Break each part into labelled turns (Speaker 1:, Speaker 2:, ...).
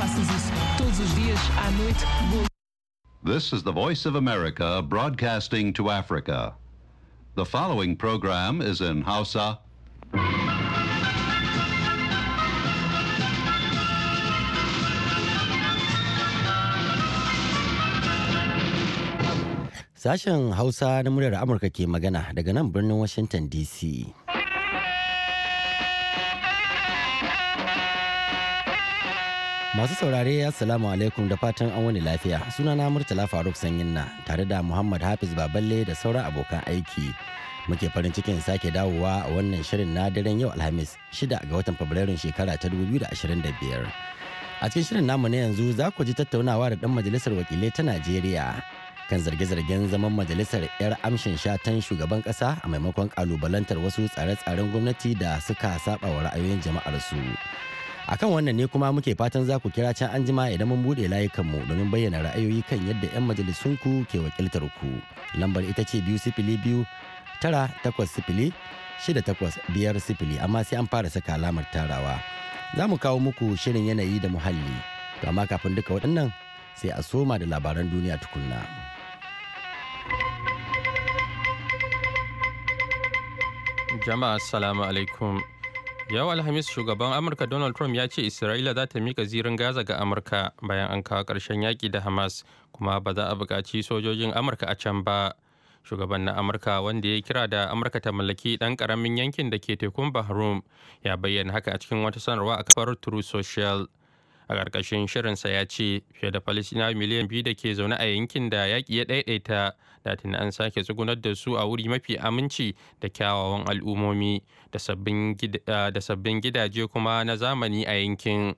Speaker 1: Faças isso todos os dias, à noite,
Speaker 2: This is the Voice of America broadcasting to Africa. The following program is in Hausa.
Speaker 3: Sashen Hausa na muryar Amurka ke magana daga nan birnin Washington DC. Masu saurare Assalamu alaikum da fatan an wani lafiya. Sunana Murtala Faruk sanyin na tare da Muhammad Hafiz Baballe da sauran abokan aiki. Muke farin cikin sake dawowa a wannan shirin na daren yau Alhamis 6 ga watan Fabrairun shekara ta 2025. A cikin shirin namu na yanzu za ku ji tattaunawa da dan majalisar wakilai ta Najeriya kan zarge-zargen zaman majalisar 'yar amshin shatan shugaban Kasa, a maimakon ƙalubalantar wasu tsare-tsaren gwamnati da suka saba wa ra'ayoyin jama'ar su. akan wannan ne kuma muke fatan za ku kira can anjima idan mun buɗe layukanmu domin bayyana ra'ayoyi kan yadda 'yan majalisunku ke wakiltar ku lambar ita ce biyu sifili biyu tara takwas sifili shida takwas biyar sifili amma sai an fara saka alamar tarawa za mu kawo muku shirin yanayi da muhalli to amma kafin duka waɗannan sai a soma da labaran duniya tukunna.
Speaker 4: jama'a assalamu alaikum Yau Alhamis shugaban Amurka Donald Trump ya ce Isra'ila za ta mika zirin Gaza ga Amurka bayan an kawo ƙarshen yaƙi da Hamas kuma ba za a buƙaci sojojin Amurka a can ba. Shugaban na Amurka wanda ya kira da Amurka ta mallaki ɗan ƙaramin yankin da ke tekun Bahrum ya bayyana haka a cikin wata sanarwa a kafar True Social. a ƙarƙashin shirinsa ya ce fiye da falisina miliyan biyu da ke zaune a yankin da yaƙi ya ɗaiɗaita da tuni an sake tsugunar da su a wuri mafi aminci da kyawawan al'ummomi da sabbin gidaje kuma na zamani a yankin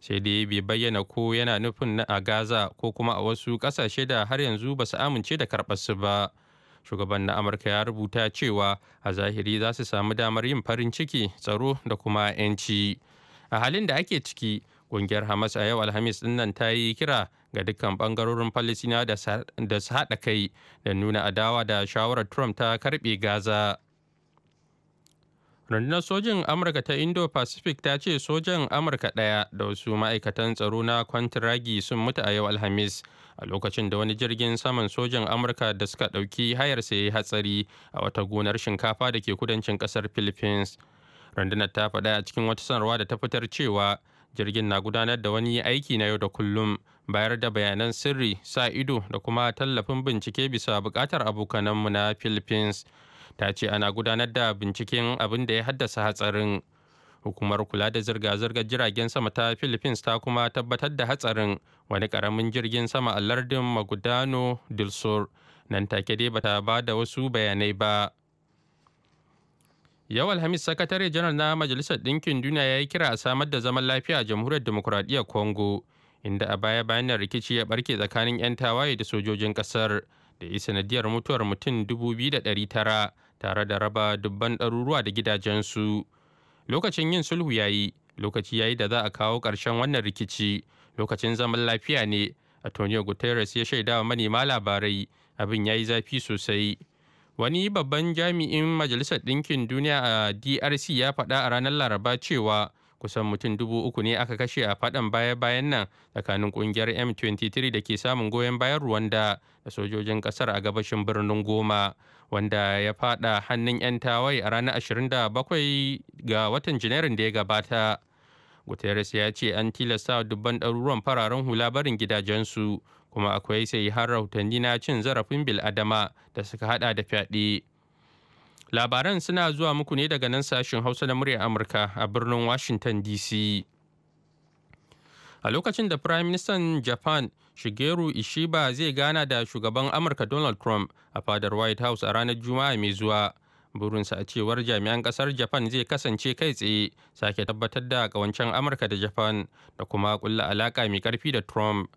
Speaker 4: sai dai bai bayyana ko yana nufin a gaza ko kuma a wasu ƙasashe da har yanzu ba su amince da karɓar su ba shugaban na amurka ya rubuta cewa a zahiri za su samu damar yin farin ciki tsaro da kuma 'yanci a halin da ake ciki Ƙungiyar Hamas a yau Alhamis dinnan ta yi kira ga dukkan bangarorin Falisina da su haɗa kai da nuna adawa da shawarar Trump ta karɓe Gaza. rundunar sojin amurka ta indo-pacific ta ce sojan amurka ɗaya da wasu ma'aikatan tsaro na kwantiragi sun mutu a yau alhamis a lokacin da wani jirgin saman sojan amurka da suka ɗauki hayar sai hatsari a wata gonar shinkafa da ke kudancin ƙasar philippines rundunar ta faɗa a cikin wata sanarwa da ta fitar cewa jirgin na gudanar da wani aiki na yau da kullum bayar da bayanan sirri sa ido da kuma tallafin bincike bisa bukatar abokananmu na philippines ta ce ana gudanar da binciken abin da ya haddasa hatsarin hukumar kula da zirga-zirgar jiragen sama ta philippines ta kuma tabbatar da hatsarin wani karamin jirgin sama a lardin magudano dilsor nan take dai bata ba da wasu bayanai ba Yau Alhamis sakatare janar na Majalisar Ɗinkin Duniya ya yi kira a samar da zaman lafiya a Jamhuriyar Demokuraɗiyyar Congo, inda a baya bayan rikici ya barke tsakanin 'yan tawaye da sojojin ƙasar da yi sanadiyar mutuwar mutum da tara tare da raba dubban ɗaruruwa da gidajensu. Lokacin yin sulhu ya yi, lokaci ya yi da za a kawo ƙarshen wannan rikici, lokacin zaman lafiya ne, Antonio Guterres ya shaidawa manema labarai, abin ya yi zafi sosai. wani babban jami'in majalisar ɗinkin duniya a drc ya faɗa a ranar laraba cewa kusan mutum dubu uku ne aka kashe a faɗan baya-bayan nan tsakanin ƙungiyar m23 da ke samun goyon bayan rwanda da sojojin ƙasar a gabashin birnin goma wanda ya faɗa hannun 'yan tawaye a ranar 27 ga watan janairun da ya gabata guterres ya ce an tilasta dubban ɗaruruwan fararen hula barin gidajensu kuma akwai sai har rahotanni na cin zarafin bil'adama da suka hada da fyaɗe. Labaran suna zuwa muku ne daga nan sashen Hausa na muryar Amurka a birnin Washington DC. A lokacin da Prime Minister Japan Shigeru Ishiba zai gana da shugaban Amurka Donald Trump a fadar White House a ranar Juma'a mai zuwa. burinsa a cewar jami'an kasar japan zai kasance kai tsaye sake tabbatar da kawancen amurka da japan da kuma kulla alaka mai karfi da trump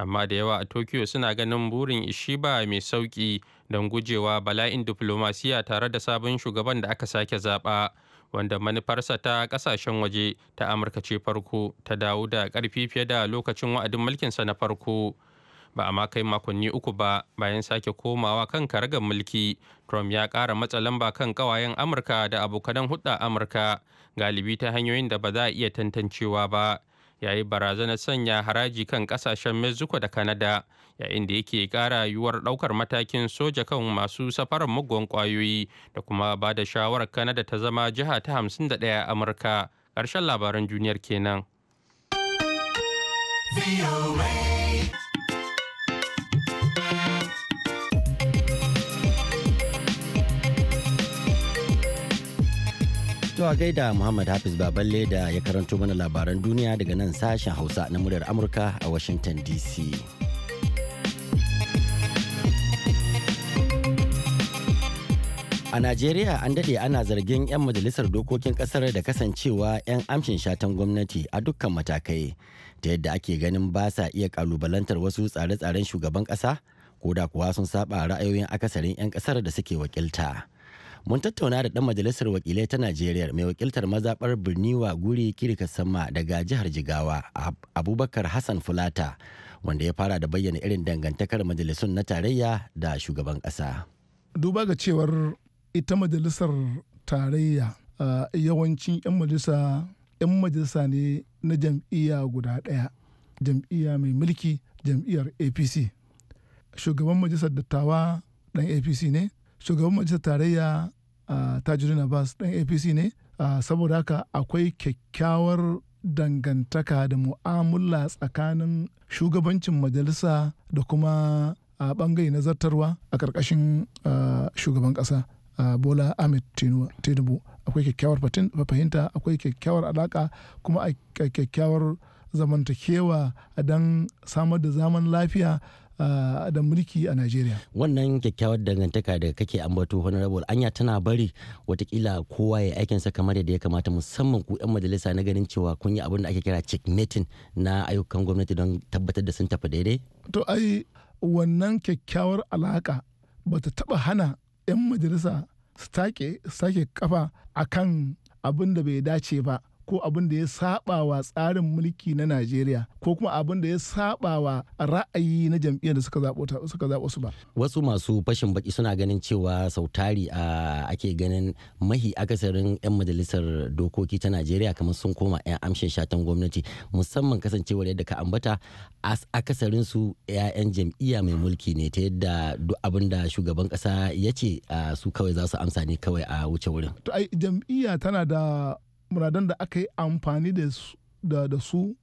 Speaker 4: amma da yawa a tokyo suna ganin burin ishiba mai sauki don gujewa bala'in diflomasiya tare da sabon shugaban da aka sake zaba wanda manufarsa ta kasashen waje ta amurka ce farko ta dawo da karfi fiye da lokacin wa'adin mulkinsa na farko ba a ma kai makonni uku ba bayan sake komawa kan karagar mulki trump ya kara matsa lamba kan kawayen amurka da abokanan hudda amurka galibi ta hanyoyin da ba za a iya tantancewa ba yayi yi barazanar sanya haraji kan kasashen mexico da canada yayin da yake kara yiwuwar daukar matakin soja kan masu safarar mugun kwayoyi da kuma ba da shawarar canada ta zama jiha ta 51 amurka karshen labaran duniyar kenan.
Speaker 3: To a gaida Muhammad Hafiz Baballe da ya karanto mana labaran duniya daga nan sashen Hausa na muryar Amurka a Washington DC. A Najeriya an daɗe ana zargin 'yan majalisar dokokin ƙasar da kasancewa 'yan amshin shatan gwamnati a dukkan matakai ta yadda ake ganin ba sa iya kalubalantar wasu tsare-tsaren shugaban ƙasa ko da kuwa sun saba ra'ayoyin akasarin 'yan ƙasar da suke wakilta. mun tattauna da dan majalisar wakilai ta najeriya mai wakiltar mazaɓar birni wa guri kirika sama daga jihar jigawa abubakar hassan fulata wanda ya fara da bayyana irin dangantakar majalisun na tarayya da shugaban ƙasa.
Speaker 1: duba ga cewar ita majalisar tarayya yawancin 'yan majalisa 'yan majalisa ne na jam'iyya guda ɗaya jam'iyya mai mulki jam'iyyar apc shugaban majalisar dattawa ɗan apc ne shugaban majalisar tarayya na bas ɗin apc ne saboda haka akwai kyakkyawar dangantaka da mu'amala tsakanin shugabancin majalisa da kuma a bangare na zartarwa a ƙarƙashin shugaban ƙasa bola ahmed tinubu akwai kyakkyawar fahimta akwai kyakkyawar alaƙa kuma a kyakkyawar zamantakewa a don samar da zaman lafiya Ah, da mulki a Najeriya.
Speaker 3: Wannan kyakkyawar dangantaka da kake ambato honorable anya tana bari watakila kowa ya aikinsa kamar yadda ya kamata musamman ku 'yan majalisa na ganin cewa kun yi abin da ake kira checkmating na ayyukan gwamnati don tabbatar da sun tafi daidai.
Speaker 1: To ai wannan kyakkyawar alaka bata taba hana 'yan majalisa su take kafa akan abin da bai dace ba ko abin da ya saba wa tsarin mulki na Najeriya ko kuma abin da ya saba wa ra'ayi na jam'iyyar da suka zaɓo suka zaɓo su ba.
Speaker 3: Wasu masu fashin baki suna ganin cewa sautari a ake ganin mahi akasarin 'yan majalisar dokoki ta Najeriya kamar sun koma 'yan amshin shatan gwamnati musamman kasancewar yadda ka ambata akasarin su 'ya'yan jam'iyya mai mulki ne ta yadda duk abin da shugaban kasa ya ce su kawai za su amsa ne kawai a wuce wurin.
Speaker 1: To ai jam'iyya tana da muradan da aka yi amfani da su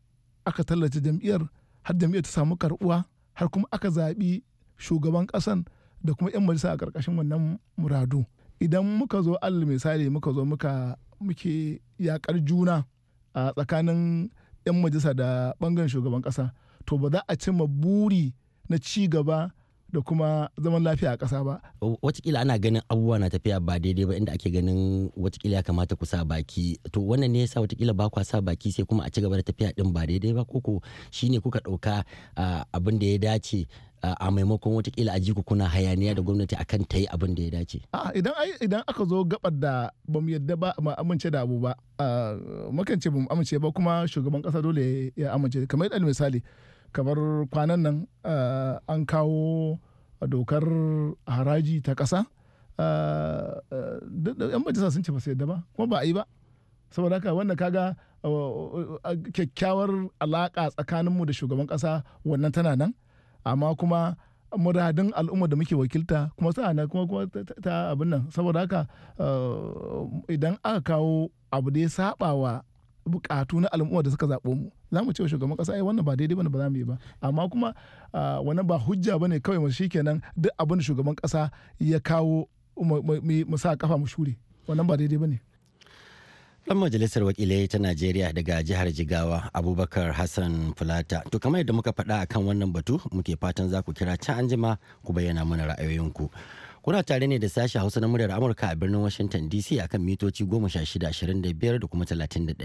Speaker 1: aka tallace jam'iyyar har jam'iyyar ta samu karbuwa har kuma aka zaɓi shugaban ƙasan da kuma 'yan majalisa a ƙarƙashin wannan muradu idan muka zo alal misali muka zo muka muke yaƙar juna a tsakanin 'yan majalisa da ɓangaren shugaban ƙasa to ba za a cimma buri na ci gaba da kuma zaman lafiya a ƙasa ba.
Speaker 3: Watakila ana ganin abubuwa na tafiya ba daidai ba inda ake ganin watakila ya kamata ku sa baki. To wannan ne yasa watakila ba kwa sa baki sai kuma a ci gaba da tafiya din ba daidai ba koko shi ne kuka ɗauka abin da ya dace a maimakon watakila a jiku kuna hayaniya da gwamnati akan ta yi abin da ya dace.
Speaker 1: idan idan aka zo gabar da ba mu yadda ba ma amince da abu ba makance ba mu amince ba kuma shugaban kasa dole ya amince kamar yadda misali kamar kwanan nan eh, an kawo dokar haraji ta ƙasa eh, eh, yan majalisa sun ce ba su yadda ba kuma ba a yi ba saboda haka wannan kaga kyakkyawar alaƙa tsakaninmu da shugaban ƙasa wannan tana nan amma kuma muradin al'umma da muke wakilta kuma sa'ana kuma kuma ta abin nan saboda haka idan aka kawo abu da ya saba wa bukatu na al'umma da suka zaɓo mu za mu ce wa shugaban kasa ai wannan ba daidai bane ba za mu yi ba amma kuma wannan ba hujja bane kawai mu kenan duk abin da shugaban kasa ya kawo mu sa kafa mu shure wannan ba daidai bane
Speaker 3: Dan majalisar wakilai ta Najeriya daga jihar Jigawa Abubakar Hassan Fulata. To kamar yadda muka faɗa akan wannan batu muke fatan za ku kira ta anjima ku bayyana mana ra'ayoyinku. Kuna tare ne da sashi Hausa na muryar Amurka a birnin Washington DC akan mitoci 1625 da kuma 31.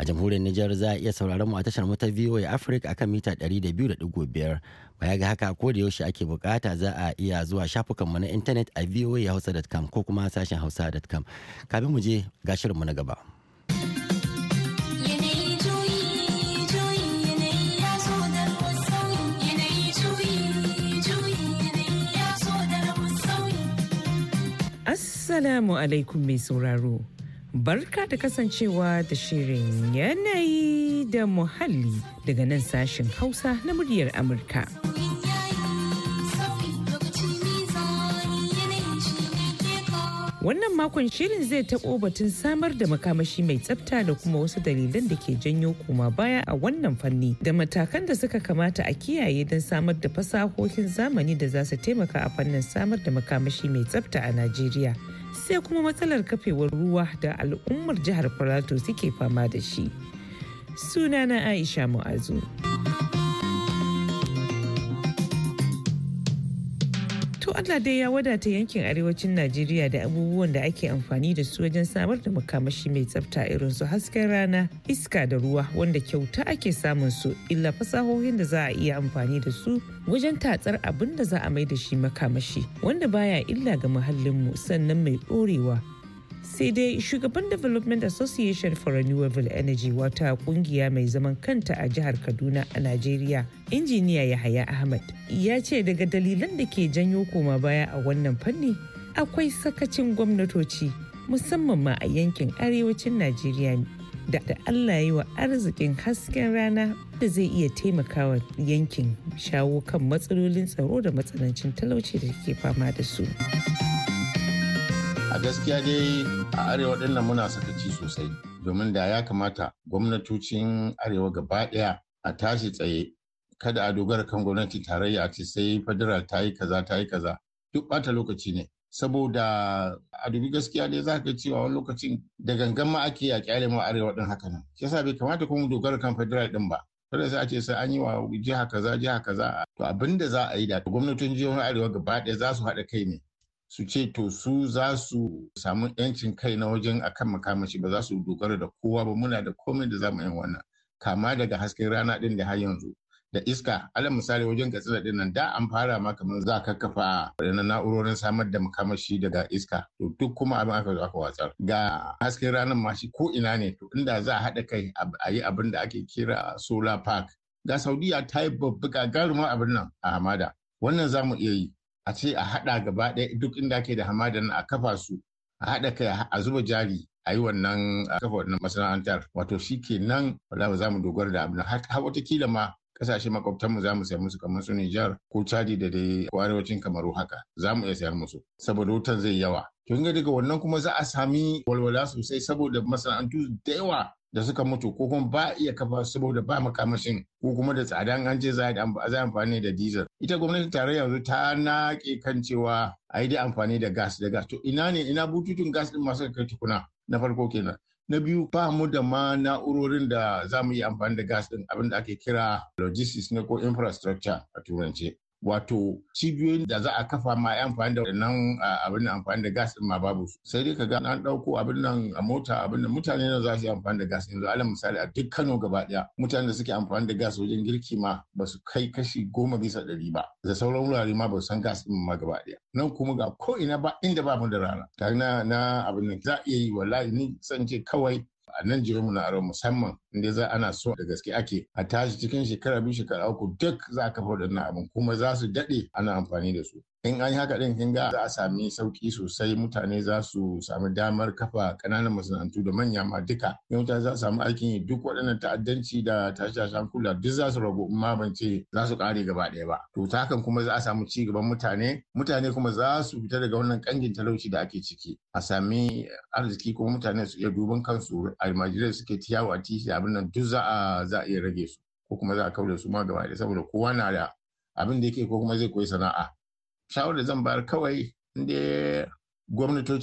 Speaker 3: A jamhuriyar Nijar za a iya sauraron mu a tashar mata VOA Africa akan mita 200.5. Baya ga haka ko da yaushe ake bukata za a iya zuwa shafukan mu na intanet a voahausa.com ko kuma sashen hausa.com. Kafin mu je ga shirinmu na gaba.
Speaker 2: Assalamu alaikum mai sauraro. Barka da kasancewa da shirin yanayi da muhalli daga nan sashen Hausa na muryar Amurka. Wannan makon shirin zai taɓo batun samar da makamashi mai tsafta da kuma wasu dalilan da ke janyo koma baya a wannan fanni da matakan da suka kamata a kiyaye don samar da fasahohin zamani da za su taimaka a fannin samar da makamashi mai tsafta a Najeriya. sai kuma matsalar kafewar ruwa da al'ummar jihar Plateau suke fama da shi. Sunana Aisha Mu'azu. Allah dai ya wadata yankin arewacin Najeriya da abubuwan da ake amfani da su wajen samar da makamashi mai tsafta irin su hasken rana, iska da ruwa wanda kyauta ake samun su illa fasahohin da za a iya amfani da su wajen tatsar abin da za a mai da shi makamashi wanda baya illa ga muhallinmu sannan mai ɗorewa sai dai shugaban development association for renewable energy wata kungiya mai zaman kanta a jihar kaduna a najeriya injiniya yahaya ahmad ya ce daga dalilan da ke janyo koma baya a wannan fanni akwai sakacin gwamnatoci musamman ma a yankin arewacin najeriya da allah yi wa arzikin hasken rana da zai iya taimakawa yankin shawo kan matsalolin tsaro da matsanancin talauci da ke fama da su.
Speaker 5: a gaskiya dai a arewa dinnan muna sakaci sosai domin da ya kamata gwamnatocin arewa gaba daya a tashi tsaye kada a dogara kan gwamnati tarayya a ce sai federal ta yi kaza ta yi kaza duk bata lokaci ne saboda a dubi gaskiya dai za ka cewa wani lokacin da gangan ma ake a kyale ma arewa din haka nan shi yasa bai kamata kuma dogara kan federal din ba kada sai a ce sai an yi wa jiha kaza jiha kaza to abin da za a yi da gwamnatin jihohin arewa gaba ɗaya za su haɗa kai ne su ce to su za su samu yancin kai na wajen akan makamashi ba za su dogara da kowa ba muna da komai da za mu yi wannan kama daga hasken rana din da har yanzu da iska alal misali wajen katsina din nan da an fara ma kamar za ka kafa na na'urorin samar da makamashi daga iska to duk kuma abin aka zo aka watsar ga hasken ranar ma shi ko ina ne to inda za a haɗa kai a yi abin da ake kira solar park ga saudiya ta yi babba gagarumar abin nan a hamada wannan za mu iya yi a ce a haɗa gaba ɗaya duk inda ke da hamada a kafa su a haɗa kai a zuba jari a yi wannan a kafa wannan masana'antar wato shi ke nan wala ba za mu dogara da abin har watakila ma kasashe mu za mu sayar musu kamar su Nijar ko Chadi da dai ko arewacin Kamaru haka za mu iya sayar musu saboda wutan zai yawa kin ga daga wannan kuma za a sami walwala sosai saboda masana'antu da yawa da suka mutu ko kuma ba iya kafa saboda ba makamashin ko kuma da tsadan an ce za a amfani da diesel ita gwamnatin tarayya yanzu ta naƙe kan cewa a yi da amfani da gas da gas to ina ne ina bututun gas din masu kai tukuna na farko kenan na biyu ba mu da ma na'urorin da za mu yi amfani da gas din abin da ake kira logistics ne ko infrastructure a turance wato cibiyoyin da za a kafa ma ya amfani da nan abin da amfani da gas ma babu su sai dai ka kaga an dauko abin nan a mota abin da mutane na za su yi amfani da gas yanzu alal misali a duk Kano gaba daya mutanen da suke amfani da gas wajen girki ma ba su kai kashi goma bisa ɗari ba da sauran wurare ma ba su san gas din ma gaba daya nan kuma ga ko ina ba inda ba mu da rana ta na abin nan za a iya yi wallahi ni san kawai a nan mu na aro musamman dai za ana so da gaske ake a tashi cikin shekara biyu shekara uku duk za ka kafa waɗannan abin kuma za su daɗe ana amfani da su in an yi haka ɗin kin ga za a sami sauki sosai mutane za su sami damar kafa ƙananan masana'antu da manya ma duka in mutane za su samu aikin yi duk waɗannan ta'addanci da tashe-tashen kula duk za su ragu in ma ban ce za su ƙare gaba ɗaya ba to ta hakan kuma za a samu ci gaban mutane mutane kuma za su fita daga wannan ƙangin talauci da ake ciki a sami arziki kuma mutane su iya duban kansu almajirai suke tiyawa a titi abin nan duk za a za iya rage su ko kuma za a kaure su ma gaba da saboda kowa na da abin da yake ko kuma zai koyi sana'a shawarar zan bayar kawai inda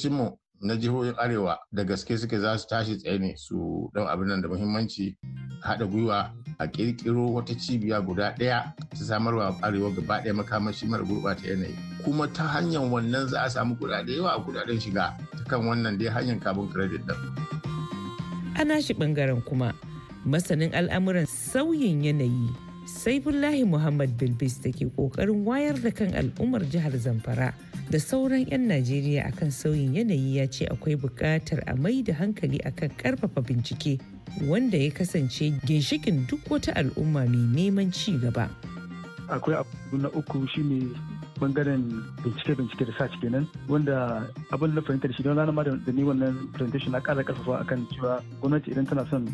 Speaker 5: mu na jihohin arewa da gaske suke za su tashi tsaye ne su dan abin nan da muhimmanci haɗa gwiwa a ƙirƙiro wata cibiya guda ɗaya su samarwa arewa gaba ɗaya makamashi mara gurɓata yanayi kuma ta hanyar wannan za a samu kuɗaɗe yawa a kuɗaɗen shiga ta kan wannan dai hanyar kabin kiredit
Speaker 2: ɗin. ana shi ɓangaren kuma masanin al'amuran sauyin yanayi saifullahi muhammad bilbis da ke kokarin wayar da kan al'ummar jihar zamfara da sauran 'yan najeriya akan sauyin yanayi ya ce akwai bukatar a mai da hankali akan karfafa bincike wanda ya kasance ginshikin duk wata al'umma mai neman ci gaba
Speaker 6: akwai abu na uku shine bangaren bincike-bincike da sace kenan wanda abin da fahimtar shi don ranar da ni wannan presentation na kara karfafa akan cewa gwamnati idan tana son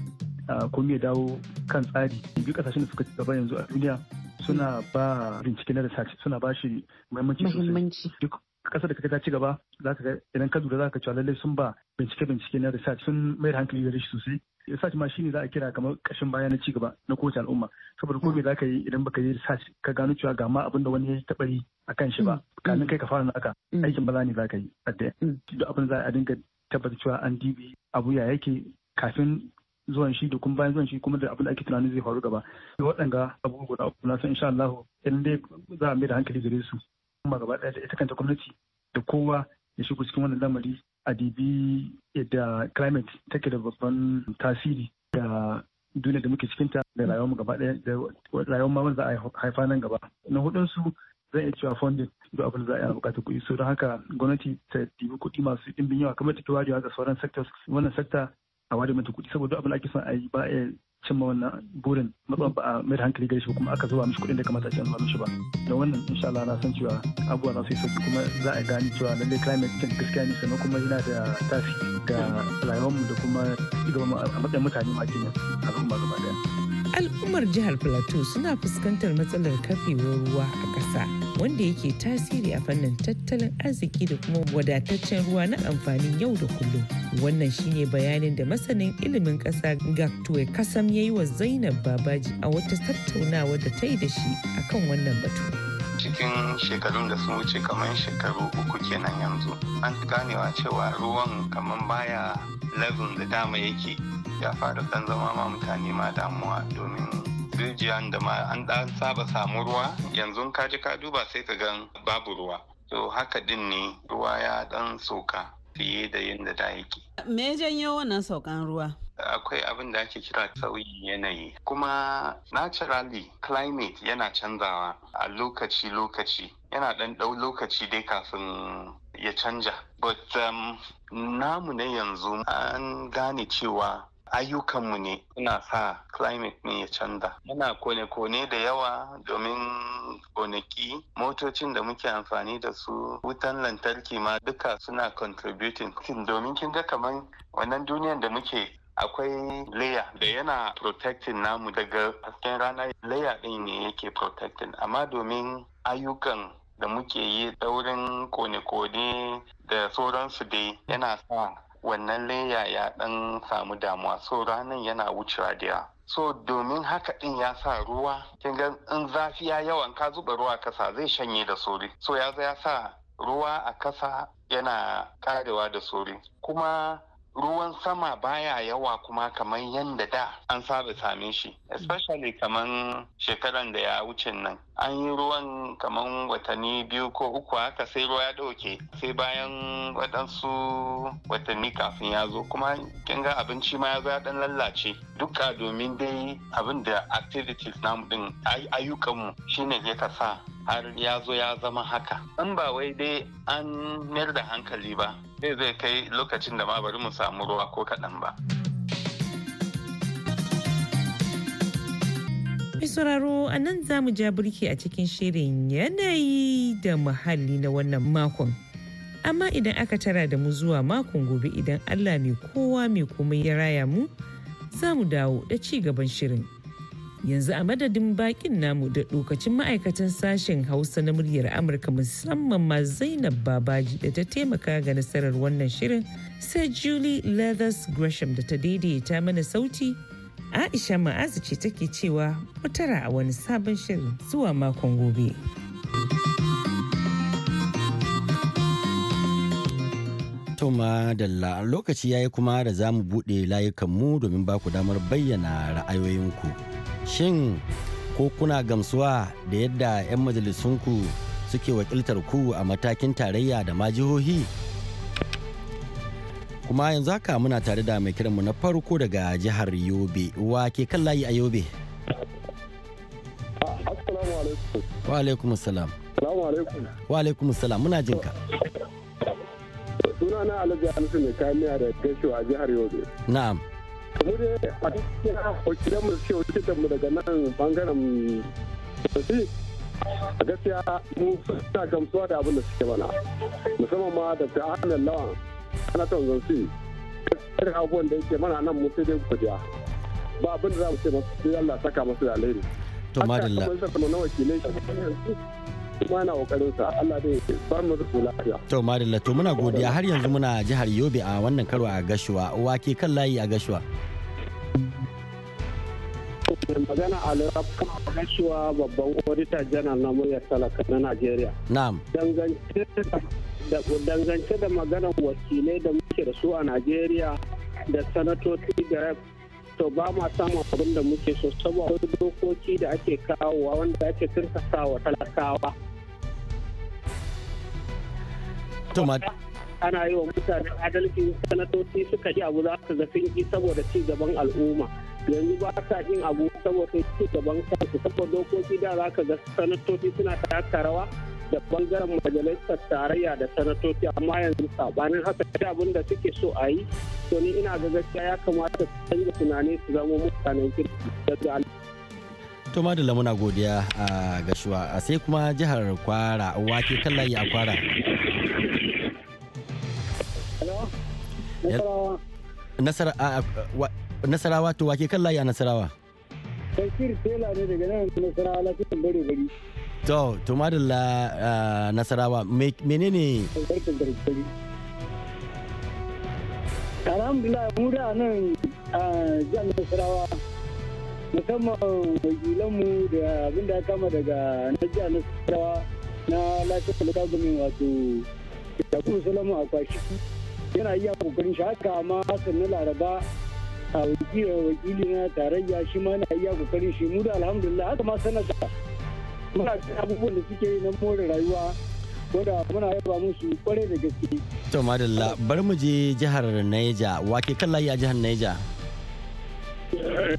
Speaker 6: komi ya dawo kan tsari biyu kasashen da suka ci gaba yanzu a duniya suna ba bincike na research suna ba shi muhimmanci sosai duk kasar da kaga ta ci gaba za ka ga idan ka lura za ka cewa lallai sun ba bincike bincike na research sun mai hankali gare shi sosai research ma shine za a kira kamar kashin baya na ci gaba na kowace al'umma saboda ko me za ka yi idan baka yi research ka gano cewa ga ma abin da wani ya taɓa yi a kan shi ba mm. mm. kanin kai ka fara naka mm. aikin ba za ne za ka yi a duk abin za a dinga tabbata cewa an dibi abu ya yake kafin zuwan shi da kuma bayan zuwan shi kuma da abin da ake tunanin zai faru gaba waɗanga abubuwa guda uku na san insha Allah idan dai za a mai da hankali gare su kuma gaba ɗaya da ita kanta gwamnati da kowa ya shigo cikin wannan lamari a dibi da climate take da babban tasiri da duniya da muke cikinta da rayuwar gaba ɗaya da rayuwar ma wanda a haifa nan gaba na hudunsu zai iya cewa funding duk abin da za a yi bukatar kuɗi so don haka gwamnati ta dibi kuɗi masu ɗimbin yawa kamar take wajewa ga sauran sectors wannan sector a ware mata kuɗi saboda abin da ake son a yi ba a cimma wannan burin matsayin ba a mai hankali gare shi kuma aka zuba mishi kuɗin da kamata a ce mishi ba da wannan insha Allah na san cewa abubuwa za su yi sauki kuma za a gane cewa lalle climate change gaskiya ne sannan kuma yana da tasiri ga rayuwarmu da kuma cigaban a matsayin mutane ma kenan al'umma gaba ɗaya.
Speaker 2: al'ummar jihar plateau suna fuskantar matsalar kafewar ruwa a ƙasa wanda yake tasiri a fannin tattalin arziki da kuma wadataccen ruwa na amfanin yau da kullum wannan shine bayanin da masanin ilimin ƙasa gaktuwe kasam ya yi wa zainab babaji a wata tattaunawa da ta yi da shi akan wannan batu
Speaker 7: cikin shekarun da sun wuce kamar shekaru uku kenan yanzu an ganewa cewa ruwan kamar baya level da dama yake ya fara ɗan zama ma mutane ma damuwa domin rijiyan da ma an dan saba samu ruwa yanzu ka ji ka duba sai ka gan babu ruwa to haka din ne ruwa ya dan soka fiye da yadda da yake
Speaker 2: me janyo wannan saukan ruwa
Speaker 7: akwai abin da ake kira sauyin yanayi kuma naturally climate yana canzawa a lokaci-lokaci yana ɗan ɗau lokaci dai kafin ya canja but um, namu ne yanzu an gane cewa ayyukanmu ne suna sa climate ne ya canza muna kone-kone da yawa domin gonaki motocin da muke amfani da su wutan lantarki ma duka suna contributing domin kin ga kamar wannan duniyar da muke akwai layer da yana protecting namu daga hasken rana layer ɗin ne yake protecting amma domin ayyukan da muke yi daurin kone-kone da sauransu dai yana sa wannan layya ya dan samu damuwa so ranar yana wucewa da yawa so domin haka din ya sa ruwa kin ga in zafi ya yawan ka zuba ruwa kasa zai shanye da sori so ya ya sa ruwa a kasa yana karewa da sori kuma ruwan sama baya yawa kuma kamar yadda da an saba same shi especially kamar shekaran da ya wuce nan an yi ruwan kamar watanni biyu ko uku haka sai ruwa ya ɗauke sai bayan waɗansu watanni kafin ya zo kuma kin ga abinci ma ya zo ya ɗan lallace duka domin dai abin da activities namu ɗin ayyukanmu shine ne ka sa har ya zo ya zama haka in ba wai dai an mayar da hankali ba zai zai kai lokacin da ma bari mu samu ruwa ko kaɗan ba.
Speaker 2: sauraro a nan za mu ja birki a cikin shirin yanayi da muhalli na wannan makon. Amma idan aka tara da mu zuwa makon gobe idan Allah mai kowa mai komai ya raya mu, za mu dawo da ci gaban shirin. yanzu a madadin bakin namu da lokacin ma'aikatan sashen hausa na muryar amurka musamman ma zainab babaji da ta taimaka ga nasarar wannan shirin sai julie leathers gresham da ta daidaita mana sauti aisha ma'azu ce take cewa mutara a wani sabon shirin zuwa makon gobe.
Speaker 3: Toma Dalla lokaci ya yi kuma da za mu buɗe layukanmu domin ba ku damar bayyana ra'ayoyinku. shin ko kuna gamsuwa da yadda 'yan majalisunku suke wakiltar ku a matakin tarayya da ma jihohi kuma yanzu haka muna tare da mai kiranmu na farko daga jihar yobe wake kan layi a yobe wa alaikum salam alaikum salam muna jinka
Speaker 8: alhaji hamisu mai kamiya da gasho a jihar yobe na'am mu a cikin mu suke wakiltar mu daga nan bangaren sosai a gaskiya mu suna gamsuwa da abin da suke mana musamman ma da ta hannun lawan ana son zansi gaskiyar abubuwan da yake mana nan mu dai ba abin da za mu ce masu sai Allah saka masu da alheri. To madalla. kuma yana kokarin sa Allah zai ba mu zuwa lafiya
Speaker 3: to madalla to muna godiya har yanzu muna jihar Yobe a wannan karo a Gashuwa wake kan layi a Gashuwa
Speaker 8: magana a lura Gashuwa babban auditor janar na muryar talaka na Najeriya na'am dangance dangance da maganar wakilai da muke da su a Najeriya da sanatoci da to ba ma samun abin da muke so saboda dokoki da ake kawowa wanda ake wa talakawa ana yi wa mutane adalci sanatoci suka ji abu za ka ga sun yi saboda ci gaban al'umma yanzu ba sa yin abu saboda ci gaban kansu saboda dokoki da za ka ga sanatoci suna taka rawa da bangaren majalisar tarayya da sanatoci amma yanzu sabanin haka ta abin da suke so a yi to ni ina ga gaskiya ya kamata su canza tunani su zama mutanen kirki daga
Speaker 3: to madalla muna godiya a ah, gashuwa ah, sai kuma jihar kwara wake kallaye a kwara Nasarawa to wake kan layi a Nasarawa?
Speaker 8: Tafsir tela ne daga nan Nasarawa lafiyan bare bari.
Speaker 3: To, to madalla Nasarawa menene?
Speaker 8: Alhamdulillah mu da nan a jihar Nasarawa musamman wakilanmu da abin da ya kama daga na jihar Nasarawa na lafiyar da wato Yakubu Salamu kwashi. yana iya kokarin shi haka amma hassan na laraba a wakili na tarayya shi ma na iya kokarin shi mu da alhamdulillah haka ma sanata muna cin abubuwan da suke na more rayuwa wanda muna yaba musu kwarai da gaske.
Speaker 3: to madalla bari mu je jihar naija wake kan layi a jihar naija.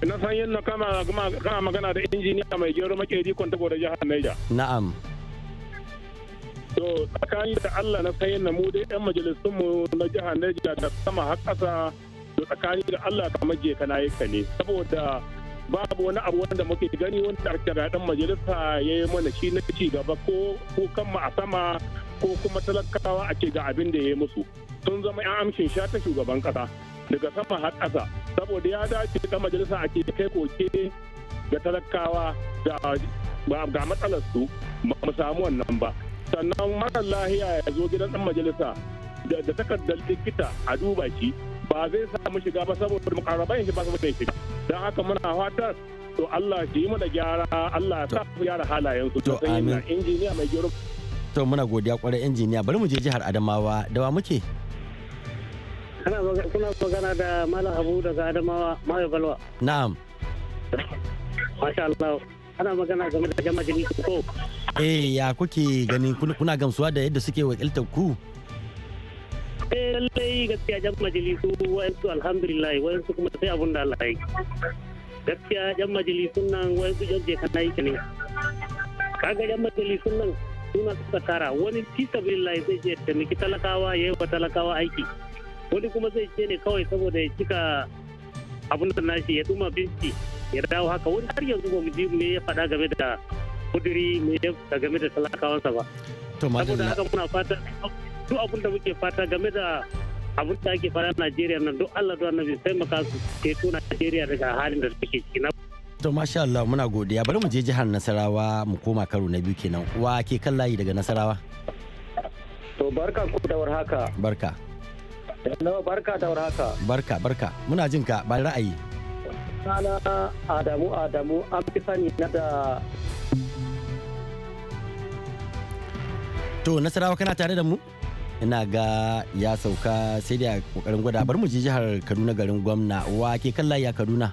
Speaker 8: na san yin kama magana da injiniya mai gero makedi kwanta da jihar naija. na'am. to tsakani da Allah na sayin na mu dai yan majalisun na jihar Najeriya da sama har ƙasa to tsakani da Allah ka na yi ka ne saboda babu wani abu wanda muke gani wanda arkara ɗan majalisa ya yi mana shi na ci gaba ko kukan mu a sama ko kuma talakawa a ke ga abin da ya yi musu sun zama yan amshin sha ta shugaban ƙasa daga sama har ƙasa saboda ya dace da majalisa a ake kai koke ga talakawa ga matsalar su ba mu samu wannan ba sannan mara lahiya ya zo gidan dan majalisa da takardar likita a duba shi ba zai samu shiga ba saboda mukarraban shi ba saboda shiga don haka muna fatar to Allah shi yi mana gyara Allah ya sa su halayen su to amin injiniya mai gero
Speaker 3: to muna godiya kwarai injiniya bari mu je jihar Adamawa da wa muke
Speaker 8: kuna magana da Malam Abu daga Adamawa Mai Balwa na'am Masha Allah ana magana game da jama'a gani ko
Speaker 3: eh ya kuke gani kuna gamsuwa da yadda suke wakiltar ku
Speaker 8: eh lallai gaskiya jan majalisu wa'ansu alhamdulillah wa'ansu kuma sai abun da Allah ya yi gaskiya jan majalisun nan wa'ansu jan je kana yi ne kaga jan majalisun nan suna suka tara wani fisabilillah zai je da miki talakawa ya yi wa talakawa aiki wani kuma zai ce ne kawai saboda ya cika abun da nashi ya duma binci ya dawo haka wani har yanzu ba mu ji me ya faɗa game da kuduri me ya game da talakawansa ba saboda haka muna fata duk abin da muke fata game da abin da ake fara Najeriya nan duk Allah da annabi sai maka su ceto Najeriya daga halin da take ciki na
Speaker 3: to masha Allah muna godiya bari mu je jihar Nasarawa mu koma karo na biyu kenan wa ke kan layi daga Nasarawa
Speaker 8: to barka ku da warhaka barka barka da warhaka
Speaker 3: barka barka muna jin ka ba ra'ayi
Speaker 8: Sana Adamu Adamu an fi sani na
Speaker 3: da To Nasarawa kana tare da mu? Ina ga ya sauka sai da kokarin gwada bar mu ji jihar Kaduna garin gwamna wa ke kalla ya Kaduna.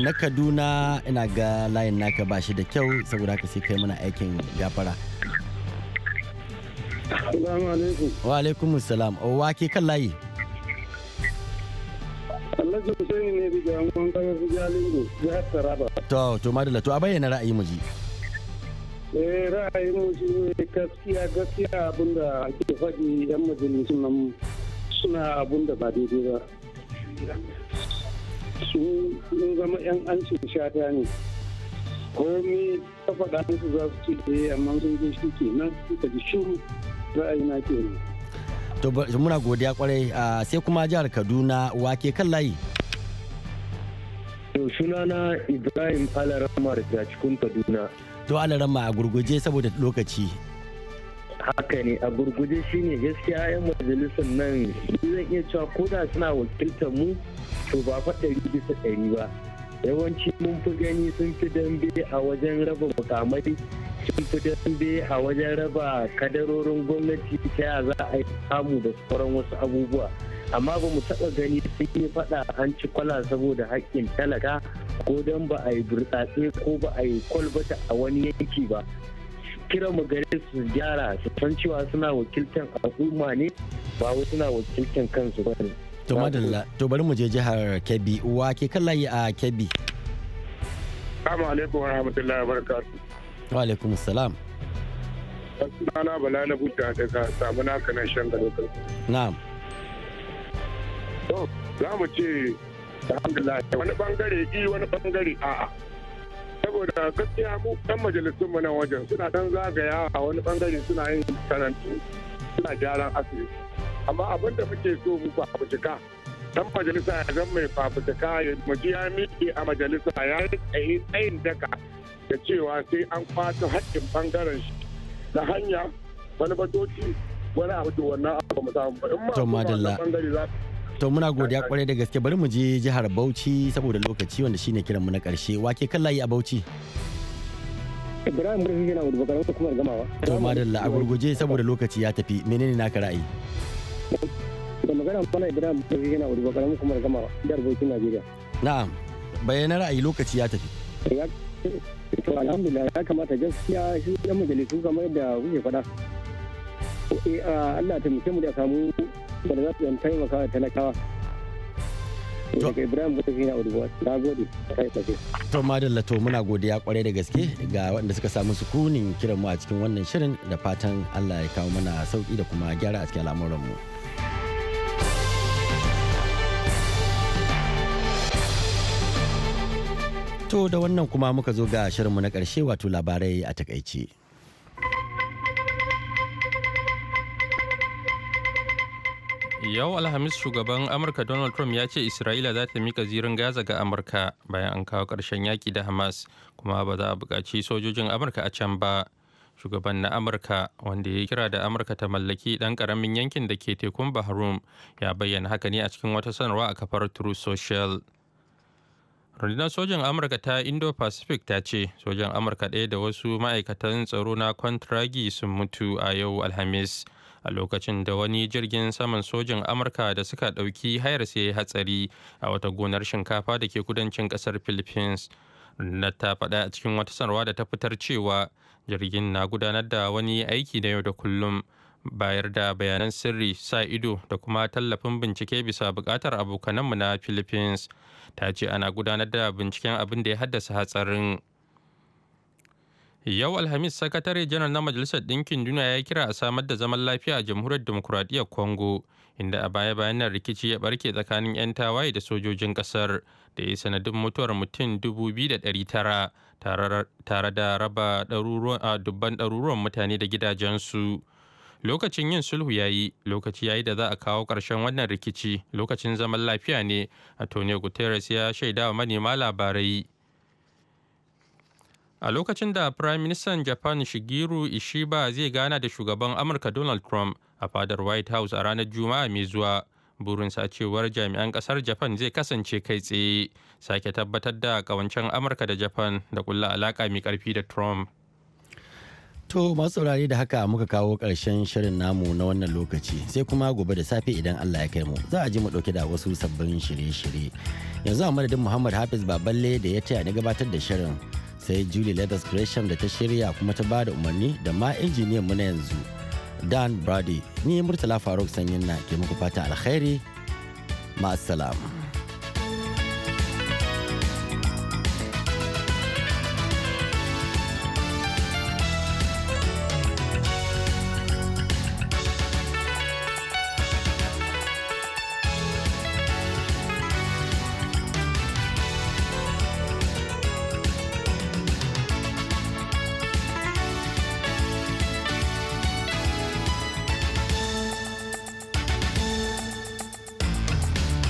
Speaker 3: Na Kaduna ina ga layin naka ba shi da kyau saboda haka sai kai mana aikin gafara.
Speaker 8: Salamu alaikum.
Speaker 3: Wa alaikum salam. Oh, wa ke kan layi?
Speaker 8: Alhaji Husaini ne daga Amman Kaga Jalingo, jihar Taraba.
Speaker 3: To, to Madalla, to a bayyana ra'ayi mu ji.
Speaker 8: Eh ra'ayin mu shi ne gaskiya gaskiya abinda ake faɗi 'yan majalisun nan suna abinda ba daidai ba. sun zama 'yan an shata ne. Komi ta faɗa musu za su ce eh amma sun je shi ke nan suka ji shuru. ra'ayina kenan
Speaker 3: to muna godiya kwarai ah, sai kuma jihar kaduna wake kan layi
Speaker 8: to sunana ibrahim alarama da cikin
Speaker 3: kaduna to alarama a gurguje saboda lokaci
Speaker 8: haka ne a gurguje shine gaskiya 'yan majalisar nan zan iya cewa ko da suna wakiltar mu to ba faɗa bisa ɗari ba yawanci mun fi gani sun fi dambe a wajen raba mukamai sun fi dambe a wajen raba kadarorin gwamnati ta ya za a yi samu da sauran wasu abubuwa amma ba mu taɓa gani sun yi faɗa an ci kwala saboda haƙƙin talaka ko don ba a yi burtsatse ko ba a yi kwalbata a wani yanki ba kira mu gare su gyara su san cewa suna wakiltar al'umma ne ba wai suna wakiltar kansu ba ne
Speaker 3: To madalla, to bari mu je jihar Kebbi, wa ke kallaye a Kebbi?
Speaker 8: Assalamu alaikum wa rahmatullahi wa barakatuh. Wa alaikum wasu Sunana Bala na buta daga samuna na shan gado Na'am. To, za mu ce alhamdulillah wani bangare yi wani bangare a'a. Saboda gaskiya mu dan majalisun mu nan wajen suna dan zagaya a wani bangare suna yin karantu suna gyaran asibiti. amma abin da muke so mu fafutuka dan majalisa ya zan mai fafutuka ya maji ya miƙe a majalisa ya yi tsaye tsayin daka da cewa sai an kwato haƙƙin bangaren shi na hanya wani batoci wani abu da wannan abu mu samu in ma bangare
Speaker 3: za to muna godiya kwarai da gaske bari mu je jihar Bauchi saboda lokaci wanda shine kiran mu na karshe wake kan layi a Bauchi
Speaker 8: Ibrahim Bauchi yana gudu bakarau kuma gamawa
Speaker 3: to madalla a gurguje saboda lokaci ya tafi menene naka ra'ayi
Speaker 8: magana mana yana gama jihar Bauchi Najeriya.
Speaker 3: Na'am ra'ayi lokaci ya tafi.
Speaker 8: ya kamata gaskiya shi ɗan majalisu kamar yadda kuke faɗa. Eh, allah ta mutum da samu da za su taimaka wa talakawa. daga ibrahim yana urbuwa na gode
Speaker 3: to madalla to muna godiya kwarai da gaske ga waɗanda suka samu sukunin kiran mu a cikin wannan shirin da fatan allah ya kawo mana sauki da kuma gyara a cikin al'amuranmu. mu To da wannan kuma muka zo ga shirinmu na ƙarshe wato labarai a takaice.
Speaker 4: Yau Alhamis shugaban Amurka Donald Trump ya ce Isra'ila za ta mika zirin Gaza ga Amurka bayan an kawo ƙarshen yaki da Hamas kuma ba za a buƙaci sojojin Amurka a can ba. shugaban na amurka wanda ya kira da amurka ta mallaki ɗan karamin yankin da ke tekun bahrum ya bayyana haka ne a cikin wata sanarwa a kafar true social rundunar sojan amurka ta indo-pacific ta ce sojan amurka ɗaya da wasu ma'aikatan tsaro na kwantiragi sun mutu a yau alhamis a lokacin da wani jirgin saman sojan amurka da suka ɗauki hayar sai hatsari a wata gonar shinkafa da ke kudancin ƙasar philippines rundunar ta faɗa a cikin wata sanarwa da ta fitar cewa jirgin na gudanar da wani aiki na yau da kullum bayar da bayanan sirri sa ido da kuma tallafin bincike bisa bukatar abokananmu na philippines ta ce ana gudanar da binciken abin da ya haddasa hatsarin yau alhamis sakatare janar na majalisar ɗinkin duniya ya kira a samar da zaman lafiya a jamhuriyar demokuraɗiyyar congo inda a baya bayan rikici ya barke tsakanin 'yan tawaye da sojojin ƙasar da ya sanadin mutuwar mutum 2,900 tare da raba dubban ɗaruruwan mutane da gidajensu. lokacin yin sulhu ya yi lokaci ya yi da za a kawo ƙarshen wannan rikici lokacin zaman lafiya ne antonio guterres ya shaida wa manema labarai a lokacin da prime minister japan shigiru ishiba zai gana da shugaban amurka donald trump a fadar white house a ranar juma'a mai zuwa burinsa cewar jami'an kasar japan zai kasance kai tsaye sake tabbatar da kawancen amurka da japan da kulla alaka mai karfi da trump
Speaker 3: To masu saurari da haka muka kawo ƙarshen shirin namu na wannan lokaci sai kuma gobe da safe idan Allah ya kai mu za a ji mu ɗauke da wasu sabbin shirye-shirye. Yanzu a madadin Muhammad Hafiz Baballe da ya taya ni gabatar da shirin sai Julie Leathers Gresham da ta shirya kuma ta bada umarni da ma injiniyan mu na yanzu Dan Brady ni Murtala Faruk Sanyin na ke muku fata alkhairi ma'assalam.